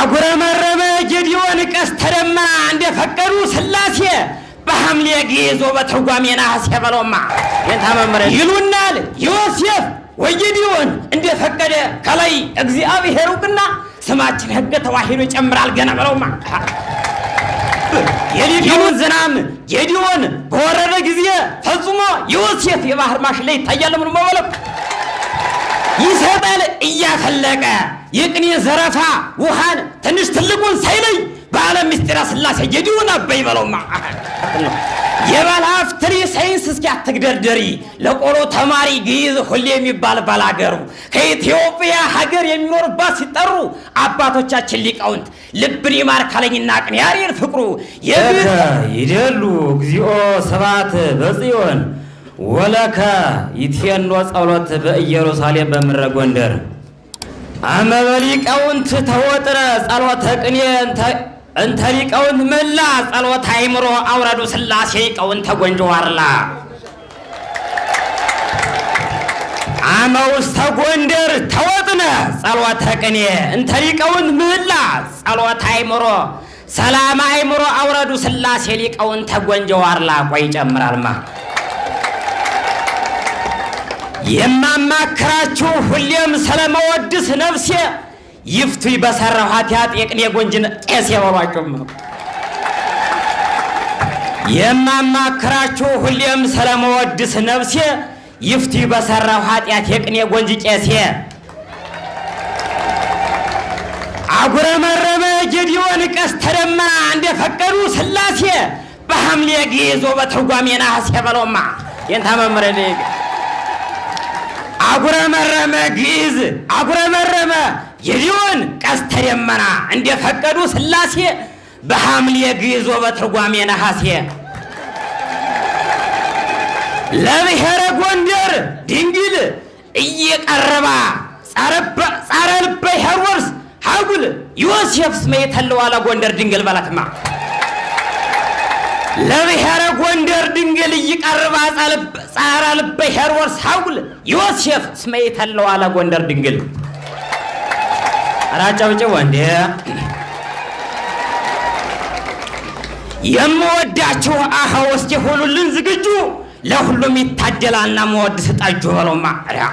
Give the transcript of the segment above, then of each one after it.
አጉረመረመ ጌዲዮን ቀስተ ደመና እንደፈቀዱ ስላሴ በሐምሌ ጊዞ በትርጓሜ ነሐሴ በለውማ የታመምረ ይሉናል ዮሴፍ ወጌዲዮን እንደፈቀደ ከላይ እግዚአብሔር እውቅና ስማችን ሕገ ተዋሂዶ ይጨምራል ገና በለውማ የሊቢውን ዝናም ጌዲዮን በወረደ ጊዜ ፈጽሞ ዮሴፍ የባህር ማሽን ላይ ይታያል። ምን ይሰጣል እያፈለቀ የቅኔ ዘረፋ ውሃን ትንሽ ትልቁን ሳይለይ በዓለ ምስጢረ ሥላሴ ጌዲዮን አበይ በለውማ የባልሀፍ ትሪ ሳይንስ እስኪ አትግደርደሪ ለቆሎ ተማሪ ግዕዝ ሁሌ የሚባል ባላገሩ ከኢትዮጵያ ሀገር የሚኖርባት ሲጠሩ አባቶቻችን ሊቃውንት ልብን ይማር ካለኝና ቅኔ ያሬድ ፍቅሩ ይደሉ እግዚኦ ስብሐት በጽዮን ወለከ ይትፌኖ ጸሎት በኢየሩሳሌም በምድረ ጎንደር አመበሊቀውንት ተወጥረ ጸሎተ ቅኔ እንተ ሊቀውንት መላ ጸሎተ አይምሮ አውረዱ ስላሴ ሊቀውንተ ጎንጆ ዋርላ አመ ውስተ ጎንደር ተወጥነ ጸሎተ ቅኔ እንተ ሊቀውንት ምህላ ጸሎተ አይምሮ ሰላም አይምሮ አውረዱ ስላሴ ሊቀውንተ ጎንጆ ዋርላ ቆይ ይጨምራልማ የማማክራችሁ ሁሌም ስለመወድስ ነፍሴ ይፍቱ በሰራው ኃጢአት የቅኔ ጎንጅን ቄስ የበሏቸው የማማክራችሁ ሁሌም ስለመወድስ ነፍሴ ይፍቱ በሰራው ኃጢአት የቅኔ ጎንጅ ቄሴ አጉረመረመ ጌዲዮን ቀስተ ደመና እንደፈቀዱ ስላሴ በሐምሌ ግይዞ በትርጓሜ ነሐሴ በለውማ የንታ መምረ አጉረመረመ ግዕዝ አጉረመረመ የዚሁን ቀስተ ደመና እንደፈቀዱ ስላሴ በሐምሌ ግዕዝ በትርጓሜ ነሐሴ ለብሔረ ጎንደር ድንግል እየቀረባ ጻረ ልበ ሄሮድስ ሀጉል ዮሴፍ ስመ የተለዋለ ጎንደር ድንግል በላትማ ለብሔረ ጎንደር ጻራ ልበ ሄርወርስ ሐውል ዮሴፍ እስመ ኢተለው ጎንደር ድንግል አራጨብጭብ ወንዴ የምወዳችሁ አኸ ወስጄ ዝግጁ ለሁሉም ይታደላልና መወድ ስጠጁ በለው ማሪያ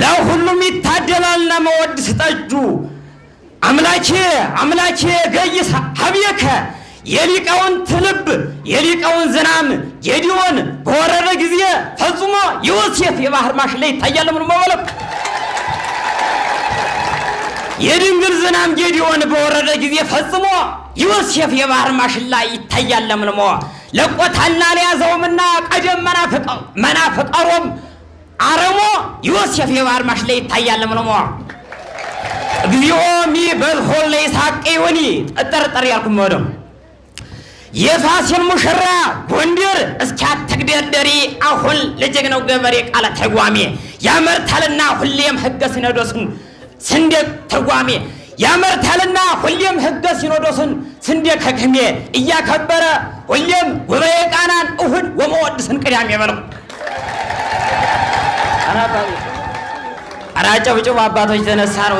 ለሁሉም ይታደላልና መወድ ስጠጁ አምላኬ አምላኬ ገይስ ሀብየከ የሊቃውን ትልብ የሊቃውን ዝናም ጌዲዮን በወረረ ጊዜ ፈጽሞ ዮሴፍ የባህር ማሽ ላይ ይታያል። ምኑ መበለቅ የድንግል ዝናም ጌዲዮን በወረረ ጊዜ ፈጽሞ ዮሴፍ የባህር ላይ ይታያል። ለምልሞ ለቆታና ለያዘውምና ቀጀም መናፍቀሮም አረሞ ዮሴፍ የባህር ማሽ ላይ ይታያል። ለምልሞ እግዚኦ ሚ በዝሆን ለይሳቅ ይሁኒ ጠጠርጠር ያልኩም ወደም የፋሲል ሙሽራ ጎንደር እስኪያትግደርደሪ አሁን ለጀግናው ገበሬ ቃለ ተርጓሜ ያመርታልና ሁሌም ህገ ሲኖዶስን ስንዴ ተርጓሜ ያመርታልና ሁሌም ህገ ሲኖዶስን ስንዴ ከቅሜ እያከበረ ሁሌም ጉባኤ ቃናን እሁድ ወመወድስን ቅዳሜ በለው። አጨብጭቡ አባቶች፣ ተነሳ ነው።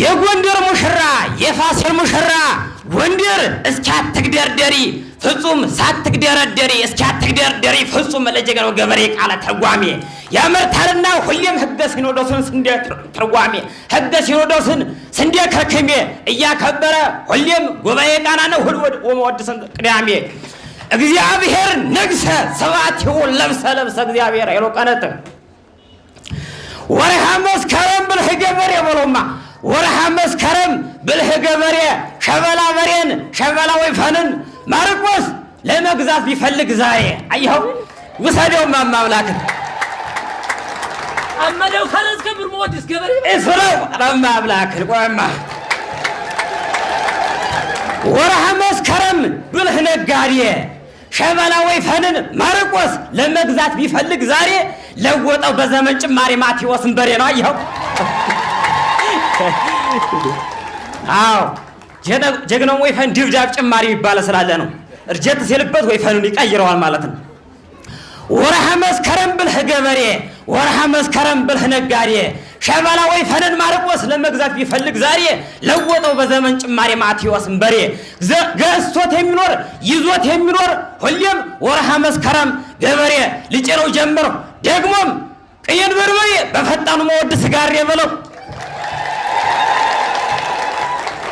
የጎንደር ሙሽራ የፋሲል ሙሽራ ጎንደር እስኪያትግደርደሪ ፍጹም ሳትግደረደሪ እስኪያትግደርደሪ ፍጹም ለጀግናው ገበሬ ቃለ ተርጓሜ ያመርታልና ሁሌም ህገ ሲኖዶስን ስንዴ ተርጓሜ ህገ ሲኖዶስን ስንዴ ከርክሜ እያከበረ ሁሌም ጉባኤ ቃና ነው ሁል ወመወድስን ቅዳሜ እግዚአብሔር ነግሰ ሰባቲው ለብሰ ለብሰ እግዚአብሔር አይሎ ቀነት ወርሃ መስከረም ብልህ ገበሬ በሎማ ወርሃ መስከረም ብልህ ገበሬ ሸበላ በሬን ሸበላ ወይፈንን ማርቆስ ለመግዛት ቢፈልግ ዛሬ አየኸው ውሰደው ማማብላክን አመደው ካለስ ከብር ሞዲስ ገበሬ እስረው ማማብላክ ቆማ ወርሃ መስከረም ብልህ ነጋዴ ሸበላ ወይፈንን ማርቆስ ለመግዛት ቢፈልግ ዛሬ ለወጠው በዘመን ጭማሪ ማቴዎስን በሬ ነው አየኸው አዎ ጀግናው ወይፈን ድብዳብ ጭማሪ የሚባለ ስላለ ነው። እርጀት ሲልበት ወይፈኑን ይቀይረዋል ማለት ነው። ወርሃ መስከረም ብልህ ገበሬ፣ ወርሃ መስከረም ብልህ ነጋዴ ሸበላ ወይፈንን ማርቆስ ለመግዛት ቢፈልግ ዛሬ ለወጠው በዘመን ጭማሪ ማቴዎስን በሬ ገዝቶት የሚኖር ይዞት የሚኖር ሁሌም ወርሃ መስከረም ገበሬ ልጭነው ጀምር ደግሞም ቅየን በርበሬ በፈጣኑ መወድ ስጋር የበለው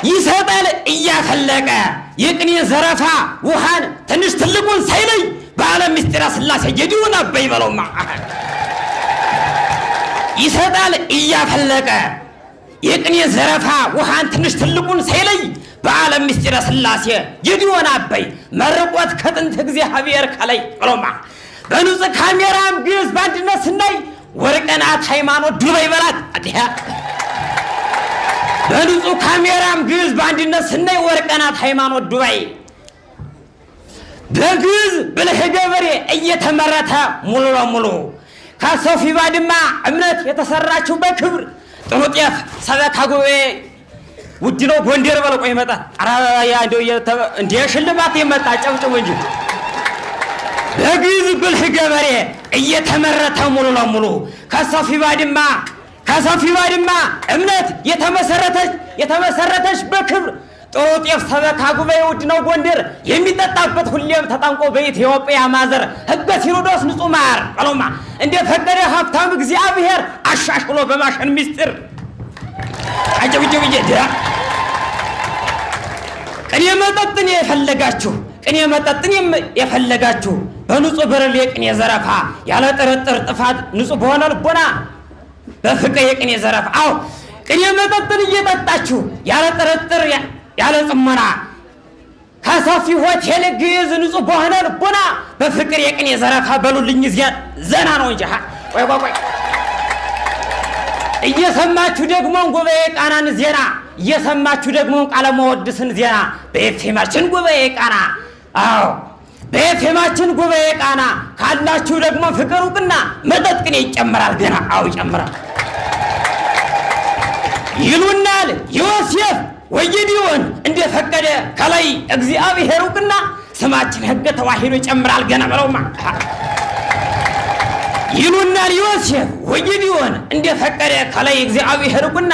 ይሰጣል እያፈለቀ የቅኔ ዘረፋ ውሃን ትንሽ ትልቁን ሳይለይ ባለ ምስጢራ ስላሴ ጌዲዮን አበይ በለውማ ይሰጣል እያፈለቀ የቅኔ ዘረፋ ውሃን ትንሽ ትልቁን ሳይለይ በአለም ምስጢረ ስላሴ ጌዲዮን አበይ መርቆት ከጥንት እግዚአብሔር ከላይ ብለውማ በንጹህ ካሜራም ቢዝ በአንድነት ስናይ ወርቅናት ሃይማኖት ዱበይ በላት በንጹህ ካሜራም ግዕዝ በአንድነት ስናይ ወርቀናት ሃይማኖት ዱባይ በግዕዝ ብልህ ገበሬ እየተመረተ ሙሉ ለሙሉ ከሶፊ ባድማ እምነት የተሰራችው በክብር ጥሩ ጤፍ ሰበካ ጉባኤ ውድ ነው ጎንደር በለቆ ይመጣ ኧረ ሽልማት የመጣ ጨብጭቡ እንጂ በግዕዝ ብልህ ገበሬ እየተመረተ ሙሉ ለሙሉ ከሶፊ ባድማ ከሰፊ ባድማ እምነት የተመሰረተች የተመሰረተች በክብር ጥሩ ጤፍ ሰበካ ጉባኤ ውድ ነው ጎንደር የሚጠጣበት ሁሌም ተጠንቆ በኢትዮጵያ ማዘር ህገ ሲኖዶስ ንጹህ ማር ቀሎማ እንደ ፈቀደ ሀብታም እግዚአብሔር አሻሽሎ በማሸን ሚስጢር አጀብጀብጀ እየደ ቅኔ መጠጥን የፈለጋችሁ ቅኔ መጠጥን የፈለጋችሁ በንጹህ ብርሌ ቅኔ ዘረፋ ያለ ጥርጥር ጥፋት ንጹህ በሆነ ልቦና በፍቅር የቅኔ ዘረፍ አዎ ቅኔ መጠጥን እየጠጣችሁ ያለ ጥርጥር ያለ ጽሞና ከሰፊ ሆቴል ግዕዝ ንጹህ በሆነ ልቦና በፍቅር የቅኔ ዘረፋ በሉልኝ ዚያ ዘና ነው እንጂ ቆይ ቆይ ቆይ እየሰማችሁ ደግሞ ጉባኤ ቃናን ዜና እየሰማችሁ ደግሞ ቃለ መወድስን ዜና በኤፌማችን ጉባኤ ቃና አዎ በኤፌማችን ጉባኤ ቃና ካላችሁ ደግሞ ፍቅር ውቅና መጠጥ ቅኔ ይጨምራል ገና አዎ ይጨምራል ይሉናል ዮሴፍ ወጌዲዮን እንደፈቀደ ከላይ እግዚአብሔር እውቅና ስማችን ሕገ ተዋሂዶ ይጨምራል። ገና በለውማ ይሉናል ዮሴፍ ወጌዲዮን እንደፈቀደ ከላይ እግዚአብሔር እውቅና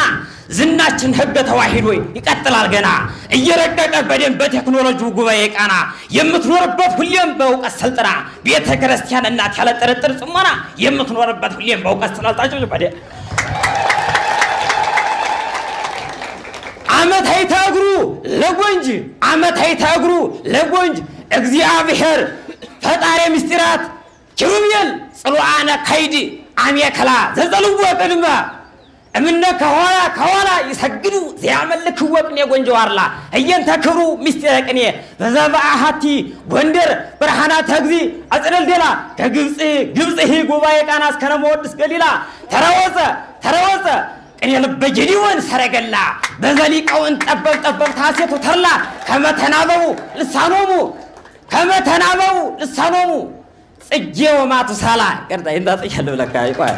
ዝናችን ሕገ ተዋሂዶ ይቀጥላል። ገና እየረቀቀ በደንብ በቴክኖሎጂው ጉባኤ ቃና የምትኖርበት ሁሌም በእውቀት ስልጥና ቤተ ክርስቲያን እናት ያለ ጥርጥር ጽሞና የምትኖርበት ሁሌም በእውቀት ስላልጣጭ አመት ሀይታ ለጎንጅ አመት ሀይታ ለጎንጅ እግዚአብሔር ፈጣሪ ምስጢራት ኪሩቤል ጽሉአነ ከይድ አሜከላ ዘጸልዎ ቅድመ እምነ ከኋላ ከኋላ ይሰግዱ ዚያመልክዎ ቅኔ ጎንጆ ዋርላ እየንተ ክብሩ ምስጢረ ቅኔ በዘበአሃቲ ጎንደር ተግዚ እግዚእ ዴላ ከግብፅ ግብፅ ጉባኤ ቃና እስከ ነመወድስ ገሊላ ተረወፀ ተረወፀ ቅኔልብ በጌዲዮን ሰረገላ በዘሊቀውን ጠበብ ጠበብ ታሴቱ ተርላ ከመተናበቡ ልሳኖሙ ከመተናበቡ ልሳኖሙ ጽጌ ወማቱ ሳላ ቅርታ ኢንታ ጽጌ ልብለካ ይቆይ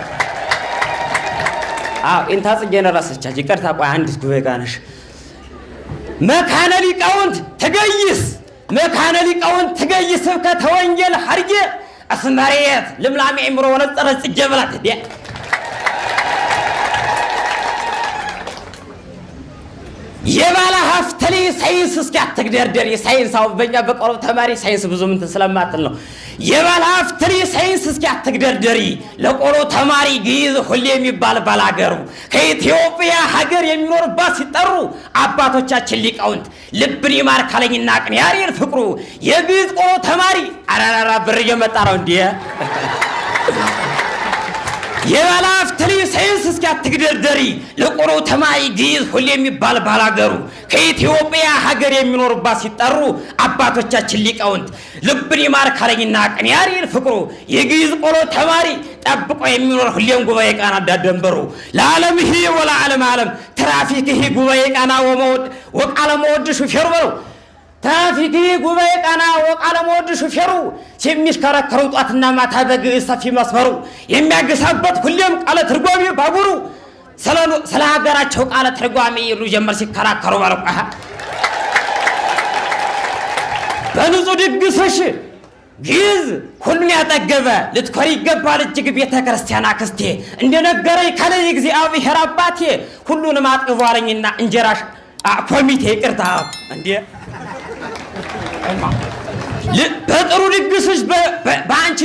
አው ኢንታ ጽጌ ነራሰቻች ይቅርታ ቆይ አንዲት ጉባኤ ጋነሽ መካነ ሊቃውንት ትገይስ መካነ ሊቃውንት ትገይስ ስብከተ ወንጌል ሐርጌ አስመሬት ልምላሜ እምሮ ወነጠረ ጽጌ ብላት የባለ ሀፍተ ላይ ሳይንስ እስኪያተግደርደር ሳይንስ አሁን በእኛ በቆሮብ ተማሪ ሳይንስ ብዙ ምንትን ስለማትል ነው። የባለ ሀፍተ ላይ ሳይንስ እስኪያተግደርደሪ ለቆሎ ተማሪ ግዕዝ ሁሌ የሚባል ባላገሩ ከኢትዮጵያ ሀገር የሚኖርባት ሲጠሩ አባቶቻችን ሊቃውንት ልብን ይማርካለኝና ካለኝና ያሬር ፍቅሩ የግዕዝ ቆሎ ተማሪ አራራራ ብር እየመጣ ነው እንዲህ የባላፍ ሴንስ እስኪ አትግደርደሪ ለቆሮ ተማይ ግዕዝ ሁሌ የሚባል ባላገሩ ከኢትዮጵያ ሀገር የሚኖሩባት ሲጠሩ አባቶቻችን ሊቃውንት ልብን ይማር ካለኝና ቅን ያሬድ ፍቅሩ የግዕዝ ቆሎ ተማሪ ጠብቆ የሚኖር ሁሌም ጉባኤ ቃና እንዳደንበሩ ለዓለም ይሄ ወለዓለም ዓለም ትራፊክ ይሄ ጉባኤ ቃና ወቃለ መወድ ሹፌር በለው ታፊዲ ጉባኤ ቀና ወቃለ መወድ ሹፌሩ የሚሽከረከረው ጧትና ማታ በግዕዝ ሰፊ መስመሩ የሚያግሳበት ሁሌም ቃለ ትርጓሚ ባቡሩ ስለ ሀገራቸው ቃለ ትርጓሚ ይሉ ጀመር ሲከራከሩ ባለቋ በንጹህ ድግስሽ ግዕዝ ሁሉን ያጠገበ ልትኮሪ ይገባል እጅግ ቤተ ክርስቲያን አክስቴ እንደነገረኝ ከላይ እግዚአብሔር አባቴ ሁሉንም አጥግቧለኝና እንጀራሽ ኮሚቴ ቅርታ እንዴ በጥሩ ድግስሽ በአንቺ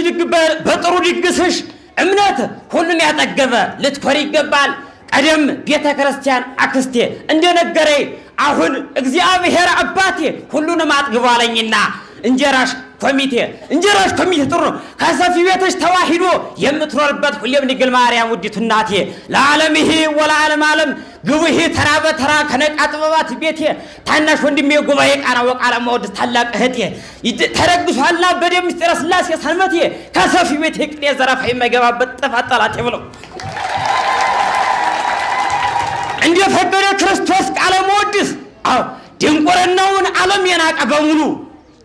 በጥሩ ድግስሽ እምነት ሁሉን ያጠገበ ልትኮር ይገባል። ቀደም ቤተ ክርስቲያን አክስቴ እንደነገረኝ አሁን እግዚአብሔር አባቴ ሁሉንም አጥግቧለኝና እንጀራሽ ኮሚቴ እንጀራሽ ኮሚቴ ጥሩ ነው። ከሰፊ ቤተሽ ተዋሂዶ የምትኖርበት ሁሌም ድንግል ማርያም ውዲቱ እናቴ ለዓለም ይሄ ወለዓለም ዓለም ግቡሄ ተራ በተራ ከነቃ ጥበባት ቤቴ ታናሽ ወንድሜ ጉባኤ ቃና ወቃለ መወድስ ታላቅ እህቴ ተረግሷላ በደም ምስጢረ ስላሴ ሰንመቴ ከሰፊ ቤቴ ቅጤ ዘረፋ የማይገባበት ጥፋት ጠላቴ ብለው እንደፈቀደ ክርስቶስ ቃለ መወድስ ድንቁርናውን ዓለም የናቀ በሙሉ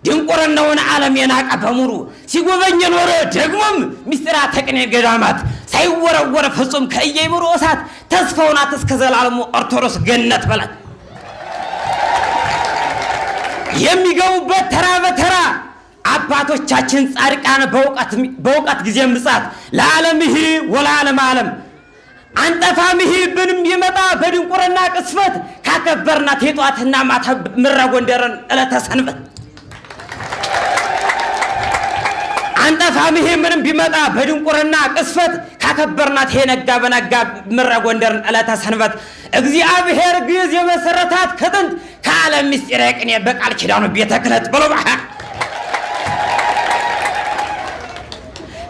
ድንቁርናውን ዓለም የናቀ በሙሉ ሲጎበኝ ኖረ። ደግሞም ምስጢራ ተቅኔ ገዳማት ሳይወረወረ ፍጹም ከእየይምሮ እሳት ተስፋው ናት እስከ ዘላለሙ ኦርቶዶክስ ገነት በላት የሚገቡበት ተራ በተራ አባቶቻችን ጻድቃን በእውቀት ጊዜ ምጻት ለዓለም ይህ ወለዓለም ዓለም አንጠፋም ይህ ብንም ይመጣ በድንቁርና ቅስፈት ካከበርናት የጧትና ማታ ምራ ጎንደርን ዕለተ ሰንበት አንጠፋም። ይሄ ምንም ቢመጣ በድንቁርና ቅስፈት ካከበርናት ይሄ ነጋ በነጋ ምረ ጎንደርን ዕለተ ሰንበት እግዚአብሔር ግዕዝ የመሰረታት ከጥንት ከዓለም ምስጢር የቅኔ በቃል ኪዳኑ ቤተ ክህነት ብሎ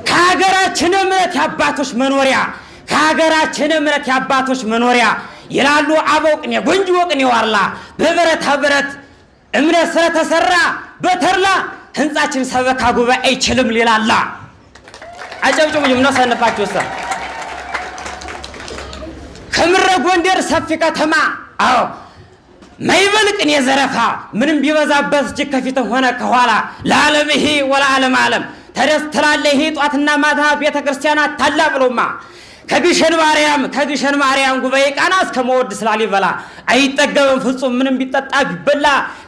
ከሀገራችን እምነት የአባቶች መኖሪያ ከሀገራችን እምነት የአባቶች መኖሪያ ይላሉ አበው ቅኔ ጎንጂ ወቅኔ ዋርላ በብረታ ብረት እምነት ስለተሰራ በተርላ ህንጻችን ሰበካ ጉባኤ አይችልም ሌላላ ይምና የምናሰነፋችሁ ሰ ከምረ ጎንደር ሰፊ ከተማ አዎ ማይበልቅን የዘረፋ ምንም ቢበዛበት እጅግ ከፊትም ሆነ ከኋላ ለዓለም ይሄ ወለዓለም ዓለም ተደስ ትላለህ ይሄ ጧትና ማታ ቤተክርስቲያናት ታላ ብሎማ ከግሸን ማርያም ከግሸን ማርያም ጉባኤ ቃና እስከ መወድስ ላሊበላ አይጠገብም ፍጹም ምንም ቢጠጣ ቢበላ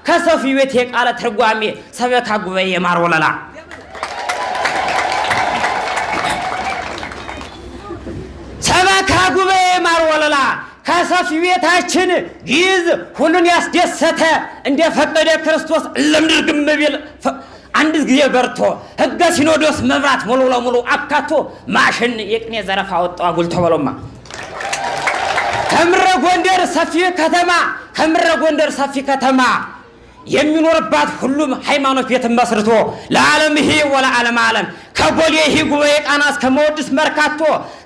ከሰፊ ቤት የቃለ ተጓሜ ሰበካ ጉባኤ የማር ወለላ ሰበካ ጉባኤ የማር ወለላ ከሰፊ ቤታችን ይዝ ሁሉን ያስደሰተ እንደ ፈቀደ ክርስቶስ ለምድር ግምብል አንድ ጊዜ በርቶ ህገ ሲኖዶስ መብራት ሙሉ ለሙሉ አካቶ ማሽን የቅኔ ዘረፋ ወጣው አጉልቶ በሎማ ከምረ ጎንደር ሰፊ ከተማ ከምረ ጎንደር ሰፊ ከተማ የሚኖርባት ሁሉም ሃይማኖት ቤትን መስርቶ ለዓለም ይሄ ወላ ዓለም ዓለም ከቦሌ ይሄ ጉባኤ ቃና እስከ መወድስ መርካቶ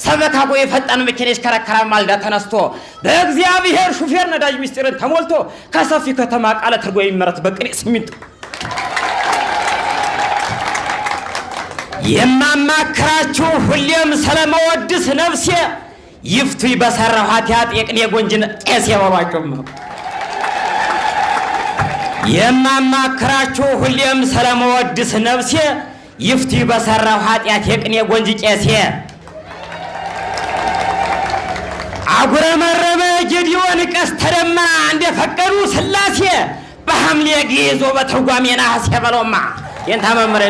ሰበካጎ ፈጣን መኪና ይሽከረከራ ማልዳ ተነስቶ በእግዚአብሔር ሹፌር ነዳጅ ምስጢርን ተሞልቶ ከሰፊ ከተማ ቃለ ትርጎ የሚመረት በቅኔ ስሚንቶ የማማክራችሁ ሁሌም ስለመወድስ ነፍሴ ይፍቱ በሰራው ኃጢአት የቅኔ ጎንጅን ቄስ የበሏቸውም ነው። የማማክራችሁ ሁሌም ስለመወድስ ነፍሴ ይፍቱ በሰራው ኃጢአት የቅኔ ጎንጅ ቄሴ አጉረመረመ ጌዲዮን ቀስተ ደመና እንደፈቀዱ ስላሴ በሐምሌ ግዞ በትርጓሜ ነሐሴ በለውማ የንታ መምረ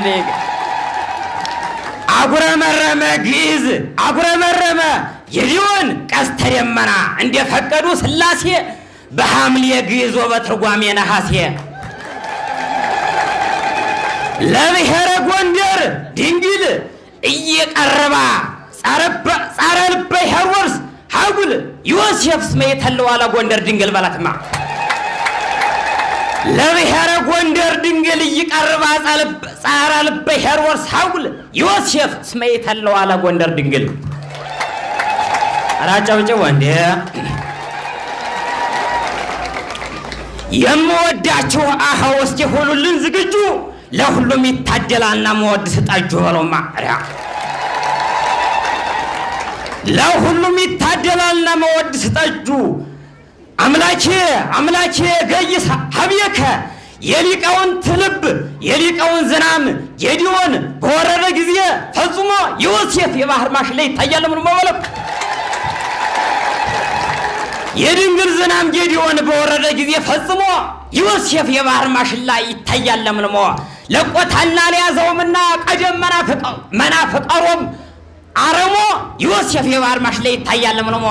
አጉረመረመ ግዕዝ አጉረመረመ የሊዮን ቀስተ ደመና እንደፈቀዱ ስላሴ በሐምሌ ግዕዝ ወበትርጓሜ ነሐሴ ለብሔረ ጎንደር ድንግል እየቀረባ ጸረ ልበ ሄሮድስ ሀጉል ዮሴፍ ስመ የተለዋለ ጎንደር ድንግል በላትማ ለብሔረ ጎንደር ድንግል እይቀርብ ጻራ ልበ ሄሮድስ ሐውል ዮሴፍ እስመ ይተለው አለ ጎንደር ድንግል። አራጨብጭብ ወንዴ የምወዳችሁ አኸ ውስጥ የሆኑልን ዝግጁ ለሁሉም ይታደላልና መወድ ስጣጁ በለው ማርያ ለሁሉም ይታደላልና መወድ ስጣጁ አምላኬ አምላኬ ገይስ ሀብየከ የሊቃውንት ልብ የሊቀውን ዝናም ጌዲዮን በወረረ ጊዜ ፈጽሞ ዮሴፍ የባህር ማሽን ላይ ይታያል። ምን መበለቅ የድንግል ዝናም ጌዲዮን በወረደ ጊዜ ፈጽሞ ዮሴፍ የባህር ማሽላ ይታያል። ለምልሞ ለቆታና ሊያዘውምና ቀደም መናፍቀሮም አረሞ ዮሴፍ የባህር ማሽላ ይታያል። ለምልሞ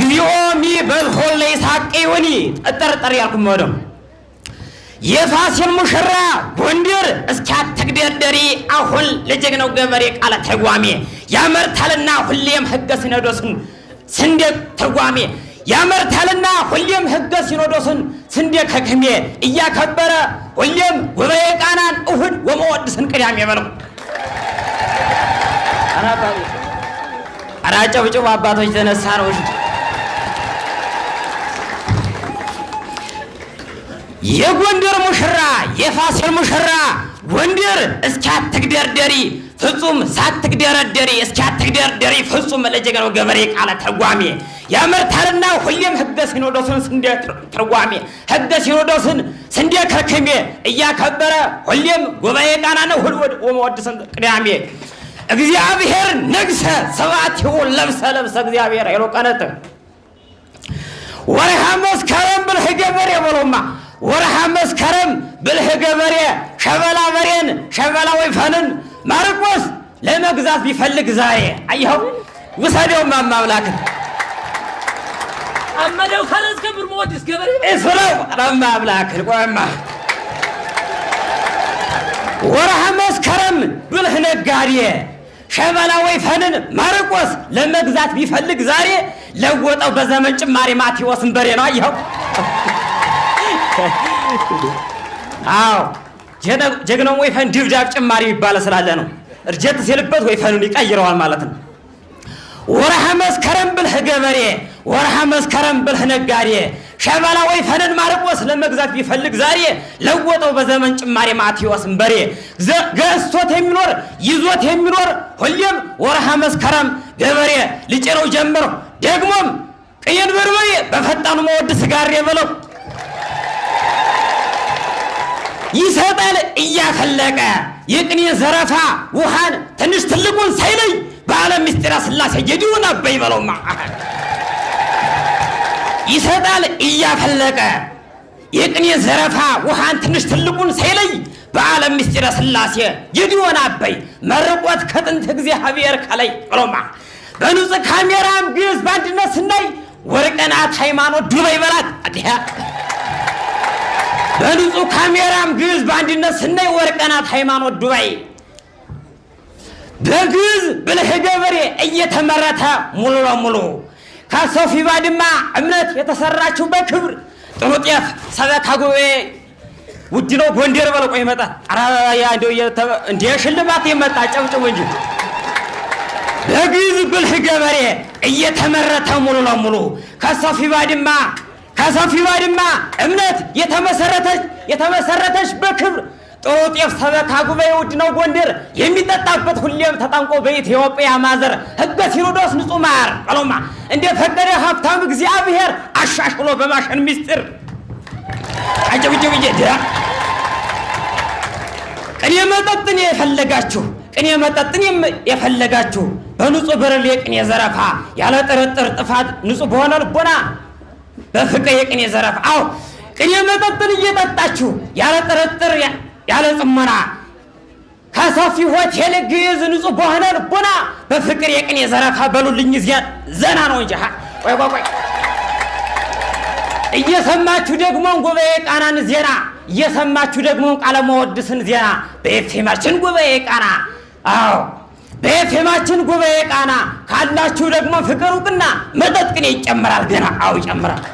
ግዮሚ በዝሆን ላይ ይሁኒ ሆኒ ያልኩ መዶም የፋሲል ሙሽራ ጎንደር እስኪ አትግደርደሪ አሁን ለጀግነው ገበሬ ቃለ ተጓሜ ያመርታልና ሁሌም ህገ ሲኖዶስን ስንዴ ተጓሜ ያመርታልና ሁሌም ህገ ሲኖዶስን ስንዴ ከክሜ እያከበረ ሁሌም ጉባኤ ቃናን እሁድ ወመወድስን ቅዳሜ በለው። አራጨብጭቡ አባቶች ተነሳ ነው። የጎንደር ሙሽራ የፋሲል ሙሽራ ጎንደር እስኪያትግደርደሪ ፍጹም ሳትግደረደሪ እስኪያትግደርደሪ ፍጹም ለጀግናው ገበሬ ቃለ ተጓሜ ያመርታልና ሁሌም ህገ ሲኖዶስን ስንዴ ተርጓሜ ህገ ሲኖዶስን ስንዴ ከርክሜ እያከበረ ሁሌም ጉባኤ ቃና ነው ሁልወድ ወመወድሰን ቅዳሜ እግዚአብሔር ነግሰ ሰባት ይሁን ለብሰ ለብሰ እግዚአብሔር አይሎ ቀነት ወረሃ መስከረም ብለህ ገበሬ በሎማ ወርሃ መስከረም ብልህ ገበሬ ሸበላ በሬን ሸበላ ወይፈንን ማርቆስ ለመግዛት ቢፈልግ ዛሬ አይኸው ውሰደው ማማብላክን አመደው ከረዝ ከምር መወድስ ገበሬ እስረው ማማብላክን ቆማ ወርሃ መስከረም ብልህ ነጋዴ ሸበላ ወይፈንን ማርቆስ ለመግዛት ቢፈልግ ዛሬ ለወጠው በዘመን ጭማሪ ማቴዎስን በሬ ነው አይኸው አዎ ጀግናው ወይፈን ድብዳብ ጭማሪ የሚባለ ስላለ ነው። እርጀት ሲልበት ወይፈኑን ይቀይረዋል ማለት ነው። ወርሃ መስከረም ብልህ ገበሬ፣ ወርሃ መስከረም ብልህ ነጋዴ ሸበላ ወይፈንን ማርቆስ ለመግዛት ቢፈልግ ዛሬ ለወጠው በዘመን ጭማሪ ማቴዎስን በሬ ገዝቶት የሚኖር ይዞት የሚኖር ሁሌም ወርሃ መስከረም ገበሬ ልጭነው ጀምር ደግሞም ቅይን በርበሬ በፈጣኑ መወድ ስጋሬ ብለው ይሰጣል እያፈለቀ የቅኔ ዘረፋ ውሃን ትንሽ ትልቁን ሳይለይ ባለ ምስጢረ ስላሴ ጌዲዮን አበይ በለውማ ይሰጣል እያፈለቀ የቅኔ ዘረፋ ውሃን ትንሽ ትልቁን ሳይለይ በዓለም ምስጢረ ስላሴ የዲሆን አበይ መርቆት ከጥንት እግዚአብሔር ከላይ በለውማ በንጹህ ካሜራ ግዝ በአንድነት ስናይ ወርቅናት ሃይማኖት ዱበይ በላት በንጹህ ካሜራም ግዕዝ በአንድነት ስናይ ወርቀናት ሃይማኖት ዱባይ በግዕዝ ብልህ ገበሬ እየተመረተ ሙሉ ለሙሉ ከሶፊ ባድማ እምነት የተሰራችው በክብር ጥሩጤፍ ሰበካ ጉባኤ ውድ ነው ጎንደር በለቆ ይመጣ አራያ እንደ ሽልማት ይመጣ ጨብጭቡ እንጂ በግዕዝ ብልህ ገበሬ እየተመረተ ሙሉ ለሙሉ ከሶፊ ባድማ ከሰፊ ባድማ እምነት የተመሰረተች የተመሰረተች በክብር ጥሩ ጤፍ ሰበካ ጉባኤ ውድ ነው ጎንደር የሚጠጣበት ሁሌም ተጠንቆ በኢትዮጵያ ማዘር ህገ ሲኖዶስ ንጹሕ ማር ቀሎማ እንደ ፈቀደ ሀብታም እግዚአብሔር አሻሽሎ በማሸን ሚስጢር አጀብጀብጀ ቅኔ መጠጥን የፈለጋችሁ ቅኔ መጠጥን የፈለጋችሁ በንጹህ ብርሌ ቅኔ ዘረፋ ያለ ጥርጥር ጥፋት ንጹህ በሆነ ልቦና በፍቅር የቅኔ ዘረፍ አዎ ቅኔ መጠጥን እየጠጣችሁ ያለ ጥርጥር ያለ ጽሞና ከሰፊ ሆቴል ግዕዝ ንጹህ በሆነ ልቡና በፍቅር የቅኔ ዘረፋ በሉልኝ እዚያ ዘና ነው እንጂ ቆይ ቆይ ቆይ እየሰማችሁ ደግሞ ጉባኤ ቃናን ዜና እየሰማችሁ ደግሞ ቃለ መወድስን ዜና በኤፍኤማችን ጉባኤ ቃና አዎ በኤፍኤማችን ጉባኤ ቃና ካላችሁ ደግሞ ፍቅር እውቅና መጠጥ ቅኔ ይጨምራል ገና አዎ ይጨምራል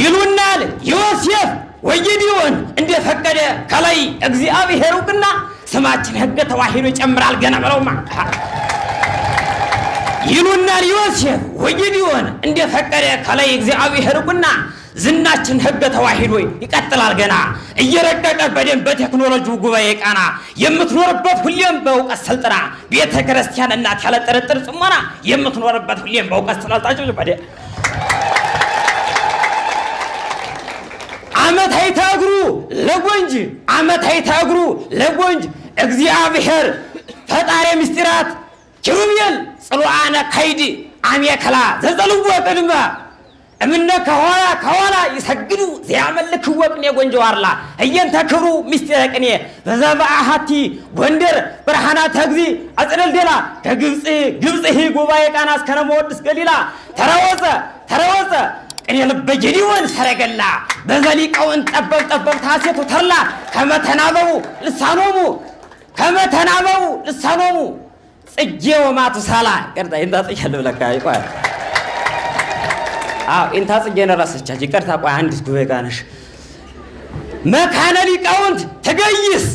ይሉናል። ዮሴፍ ወጌዲዮን እንደፈቀደ ከላይ እግዚአብሔር እውቅና ስማችን ህገ ተዋሂዶ ይጨምራል። ገና በለውማ ይሉናል። ዮሴፍ ወጌዲዮን እንደፈቀደ ከላይ እግዚአብሔር እውቅና ዝናችን ህገ ተዋሂዶ ይቀጥላል። ገና እየረቀቀ በደንብ በቴክኖሎጂ ጉባኤ ቃና የምትኖርበት ሁሌም በእውቀት ስልጥና ቤተ ክርስቲያን እናት ያለ ጥርጥር ጽሞና የምትኖርበት ሁሌም በእውቀት ስላልታቸው አመት ተግሩ ለጎንጅ አመት ተግሩ ለጎንጅ እግዚአብሔር ፈጣሪ ምስጢራት ኪሩቤል ጽሉአነ ከይዲ አሜከላ ዘጸልዎ ቅድመ እምነ ከኋላ ከኋላ ይሰግዱ ዚያመልክዎ ቅኔ ጎንጆ አርላ እየንተ ክብሩ ምስጢረ ቅኔ በዘበአሃቲ ጎንደር ብርሃና ተግዚ አጽደል ደላ ከግብፅ ግብፅ ጉባኤ ቃና እስከ ገሊላ ተረወፀ ተረወፀ እኔ ልበ ጌዴዎን ሰረገላ በዘሊቀውን ጠበብ ጠበብ ታሴቱ ተላ ከመተናበቡ ልሳኖሙ ከመተናበቡ ልሳኖሙ ጽጌ ሳላ ይቅርታ ይንታ ጽጌ ብለካ ይቋል አዎ ኢንታ ጽጌ ነራሰቻች ይቅርታ ቆይ አንድ ጉባኤ ጋነሽ መካነ ሊቃውንት ትገይስ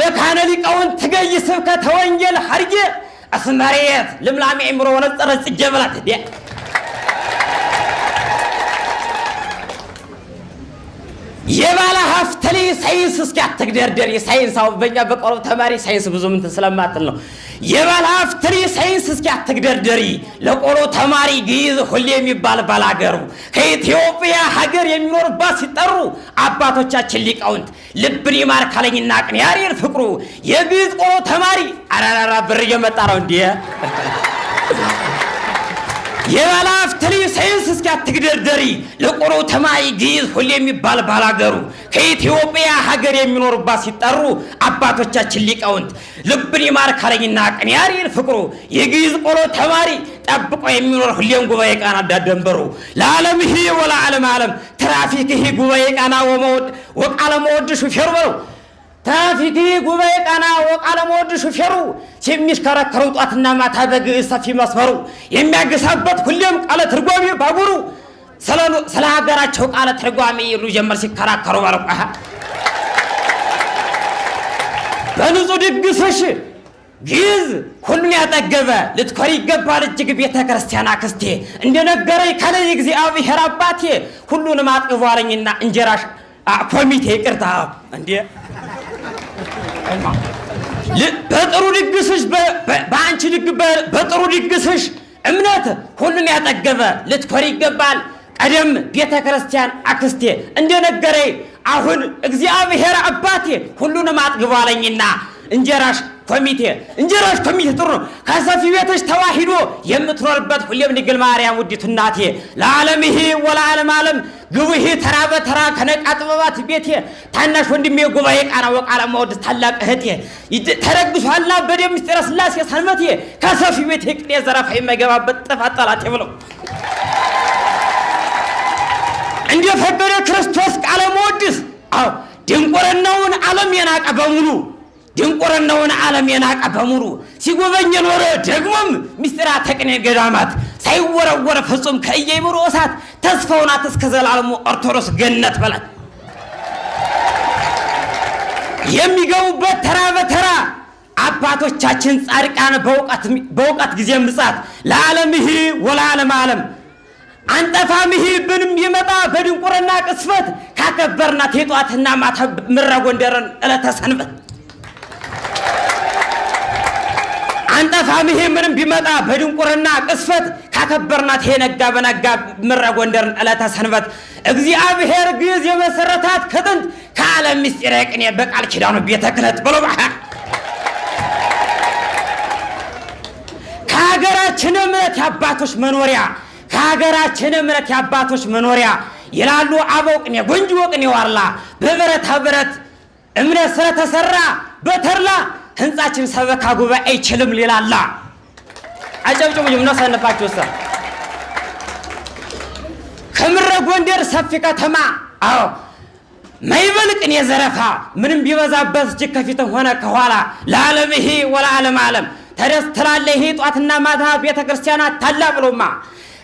መካነ ሊቃውንት ትገይስ ስብከተ ወንጌል ሀርጌ እስመሬት ልምላሜ አእምሮ ወነጸረ ጽጌ ብላት ዲያ የባለ ሀፍተሊ ሳይንስ እስኪ አትግደርደር። ሳይንስ አሁን በእኛ በቆሎ ተማሪ ሳይንስ ብዙ ምንትን ስለማትል ነው። የባለ ሀፍተሊ ሳይንስ እስኪ አትግደርደሪ። ለቆሎ ተማሪ ግዕዝ ሁሌ የሚባል ባላገሩ ከኢትዮጵያ ሀገር የሚኖርባት ሲጠሩ አባቶቻችን ሊቃውንት ልብን ይማር ካለኝና ቅን ያሬድ ፍቅሩ የግዕዝ ቆሎ ተማሪ አራራራ ብር እየመጣ ነው እንዲህ የባላፍ ትሪ ሳይንስ እስኪያትግደርደሪ ለቆሮ ተማይ ግይዝ ሁሌ የሚባል ባላገሩ ከኢትዮጵያ ሀገር የሚኖሩባት ሲጠሩ አባቶቻችን ሊቃውንት ልብን ይማር ካረኝና ቅንያሪን ፍቅሩ የግይዝ ቆሎ ተማሪ ጠብቆ የሚኖር ሁሌም ጉባኤ ቃና እንዳደንበሩ ለዓለም ይሄ ወላ ዓለም ዓለም ትራፊክ ይሄ ጉባኤ ቃና ወቃለ መወድሹ ፌርበሩ ታፊቲ ጉባኤ ቃና ወቃለ መወድ ሹፌሩ የሚሽከረከረው ጧትና ማታ በግዕዝ ሰፊ መስመሩ የሚያገሳበት ሁሌም ቃለ ትርጓሚ ባቡሩ ስለ ሀገራቸው ቃለ ትርጓሚ ይሉ ጀመር ሲከራከሩ በረቋ በንጹህ ድግስሽ ግዕዝ ሁሉን ያጠገበ ልትኮሪ ይገባል እጅግ ቤተ ክርስቲያን አክስቴ እንደነገረኝ ከላይ እግዚአብሔር አባቴ ሁሉንም አጥግቧለኝና እንጀራሽ ኮሚቴ ይቅርታ እንዴ በጥሩ ድግስሽ በአንቺ ልግ በጥሩ ድግስሽ እምነት ሁሉን ያጠገበ ልትኮር ይገባል። ቀደም ቤተ ክርስቲያን አክስቴ እንደነገረኝ አሁን እግዚአብሔር አባቴ ሁሉንም አጥግቧለኝና እንጀራሽ ኮሚቴ እንጀራሽ ኮሚቴ ጥሩ ነው። ከሰፊ ቤተሽ ተዋሂዶ የምትኖርበት ሁሌም ድንግል ማርያም ውዲቱ እናቴ ለዓለም ይሄ ወለዓለም ዓለም ግቡሂ ተራ በተራ ከነቃ ጥበባት ቤቴ ታናሽ ወንድሜ ጉባኤ ቃና ወቃላ ማወድስ ታላቅ እህቴ ተረግብሷልና በደም ምስጢረ ስላሴ ሰንበቴ ከሰፊ ቤቴ ቅኔ ዘረፋ የመገባበት ጥፋት ጠላቴ ብለው እንደ ፈበደ ክርስቶስ ቃለ መወድስ ድንቁርናውን ዓለም የናቀ በሙሉ ድንቁርናውን ዓለም የናቀ በሙሉ ሲጎበኝ የኖረ ደግሞም ምስጢራ ተቅኔ ገዳማት ሳይወረወረ ፍጹም ከእየይምሮ እሳት ተስፋውን እስከ ዘላለሙ ኦርቶዶክስ ገነት በላት የሚገቡበት ተራ በተራ አባቶቻችን ጻድቃን በእውቀት ጊዜ ምጻት ለዓለም ይህ ወለዓለም ዓለም አንጠፋም ይህ ብንም ይመጣ በድንቁርና ቅስፈት ካከበርናት የጧትና ማታ ምራ ጎንደርን ዕለተ ሰንበት አንጠፋም። ይሄ ምንም ቢመጣ በድንቁርና ቅስፈት ካከበርናት ይሄ ነጋ በነጋ ምረ ጎንደርን ዕለተ ሰንበት እግዚአብሔር ግዝ የመሰረታት ከጥንት ከዓለም ምስጢር የቅኔ በቃል ኪዳኑ ቤተ ክህነት ብሎ ከሀገራችን እምነት የአባቶች መኖሪያ ከሀገራችን እምነት የአባቶች መኖሪያ ይላሉ አበው ቅኔ ጎንጅ ወቅኔ ዋርላ በብረታ ብረት እምነት ስለተሰራ በተርላ ህንጻችን ሰበካ ጉባኤ አይችልም። ሌላ አላ አጨብጭቡ። ይምና ሰ ከምረ ጎንደር ሰፊ ከተማ አዎ ማይበልቅን የዘረፋ ምንም ቢበዛበት እጅግ ከፊትም ሆነ ከኋላ ለዓለም ይሄ ወለዓለም ዓለም ተደስ ትላለህ ይሄ ጧትና ማታ ቤተክርስቲያናት ታላ ብሎማ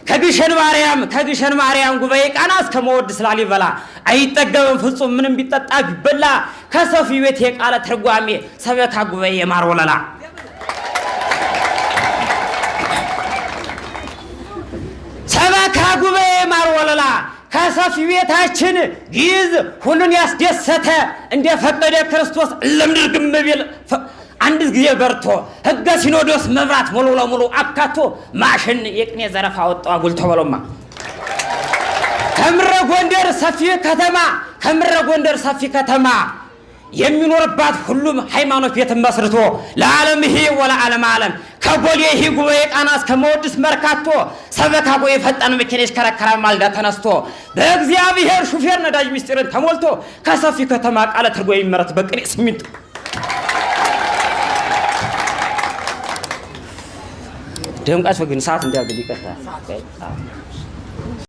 ከግሸን ማርያም ከግሸን ማርያም ጉባኤ ቃና እስከ መወድስ ላሊበላ አይጠገብም ፍጹም ምንም ቢጠጣ ቢበላ ከሰፊ ቤት የቃለ ትርጓሜ ሰበካ ጉባኤ የማር ወለላ ሰበካ ጉባኤ የማር ወለላ ከሰፊ ቤታችን ይዝ ሁሉን ያስደሰተ እንደፈቀደ ክርስቶስ ለምድር ግምቢል አንድ ጊዜ በርቶ ህገ ሲኖዶስ መብራት ሙሉ ለሙሉ አካቶ ማሽን የቅኔ ዘረፋ ወጣው አጉልቶ በሎማ ከምረ ጎንደር ሰፊ ከተማ ከምረ ጎንደር ሰፊ ከተማ የሚኖርባት ሁሉም ሃይማኖት ቤትን መስርቶ ለዓለም ይሄ ወለ ዓለም ዓለም ከቦሌ ይሄ ጉባኤ ቃና እስከ መወድስ መርካቶ ሰበካ ጎይ ፈጣን መኪና ይሽከረከራ ማልዳ ተነስቶ በእግዚአብሔር ሹፌር ነዳጅ ሚስጢርን ተሞልቶ ከሰፊ ከተማ ቃለ ትርጎ የሚመረት በቅኔ ስሚንቶ Dia mungkin sebagian saat tidak jadi kata.